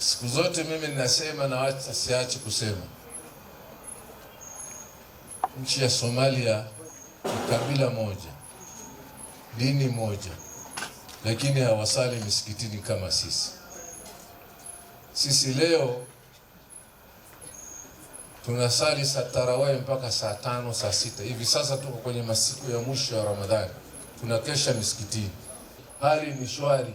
Siku zote mimi ninasema na siache kusema, nchi ya Somalia ni kabila moja, dini moja, lakini hawasali misikitini kama sisi. Sisi leo tunasali saa tarawehe mpaka saa tano saa sita hivi. Sasa tuko kwenye masiku ya mwisho ya Ramadhani, tunakesha misikitini. Hali ni shwari.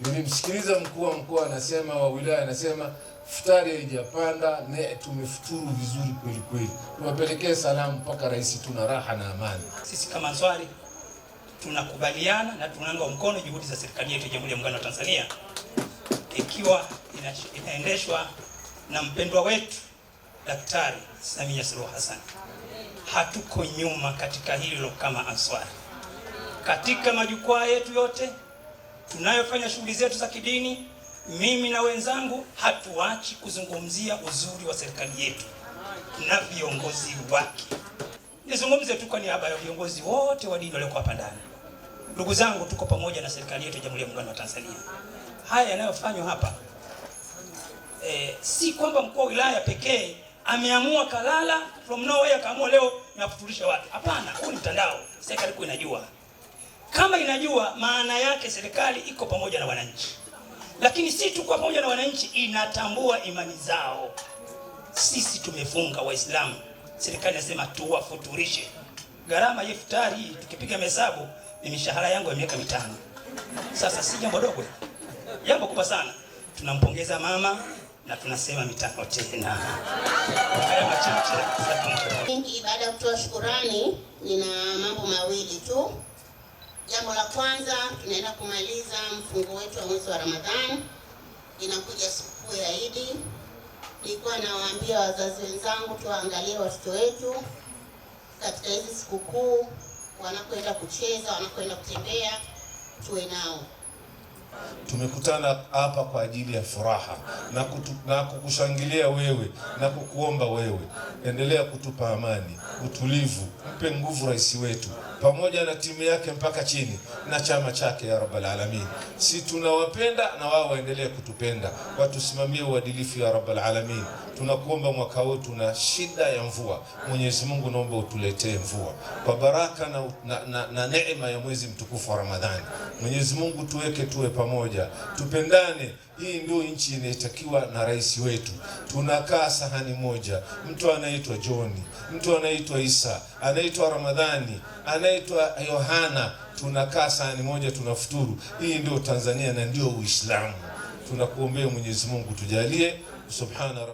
Nilimsikiliza mkuu wa mkoa anasema, wa wilaya anasema futari haijapanda na tumefuturu vizuri kweli kweli. Tuwapelekee salamu mpaka rais, tuna raha na amani. Sisi kama Nzwari tunakubaliana na tunaunga mkono juhudi za serikali yetu ya Jamhuri ya Muungano wa Tanzania ikiwa inaendeshwa na mpendwa wetu Daktari Samia Suluhu Hassan. Hatuko nyuma katika hilo kama Answari, katika majukwaa yetu yote tunayofanya shughuli zetu za kidini, mimi na wenzangu hatuachi kuzungumzia uzuri wa serikali yetu na viongozi wake. Nizungumze tu kwa niaba ya viongozi wote wa dini walioko hapa ndani. Ndugu zangu, tuko pamoja na serikali yetu ya Jamhuri ya Muungano wa Tanzania. Haya yanayofanywa hapa e, si kwamba mkuu wa wilaya pekee ameamua kalala from nowhere akaamua leo nafutulisha watu. Hapana, huu ni mtandao, serikali kuu inajua. Kama inajua maana yake, serikali iko pamoja na wananchi, lakini si tu kwa pamoja na wananchi, inatambua imani zao. Sisi tumefunga Waislamu, serikali nasema tuwafuturishe. Gharama ya iftari tukipiga hesabu ni mishahara yangu ya miaka mitano. Sasa si jambo dogo, jambo kubwa sana. Tunampongeza mama na tunasema mitano tena. Baada ya kutoa shukurani, nina mambo mawili tu. Jambo la kwanza tunaenda kumaliza mfungo wetu wa mwezi wa Ramadhani, inakuja sikukuu ya Idi. Nilikuwa nawaambia wazazi wenzangu tuwaangalie watoto wetu katika hizi sikukuu, wanakwenda kucheza, wanakwenda kutembea, tuwe nao. Tumekutana hapa kwa ajili ya furaha na, kutu, na kukushangilia wewe na kukuomba wewe, endelea kutupa amani, utulivu, mpe nguvu rais wetu pamoja na timu yake mpaka chini na chama chake, ya rabbal alamin. Si tunawapenda na wao waendelee kutupenda, watusimamie uadilifu, ya rabbal alamin. Tunakuomba mwaka huu tuna shida ya mvua, Mwenyezi Mungu naomba utuletee mvua kwa baraka na, na, na, na neema ya mwezi mtukufu wa Ramadhani. Mwenyezi Mungu tuweke tuwe pamoja, tupendane. Hii ndio nchi inayotakiwa na rais wetu. Tunakaa sahani moja, mtu anaitwa John, mtu anaitwa Isa, anaitwa Ramadhani, anaitwa anaitwa Yohana, tunakaa sahani moja, tunafuturu. Hii ndio Tanzania na ndio Uislamu. Tunakuombea Mwenyezi Mungu tujalie subhana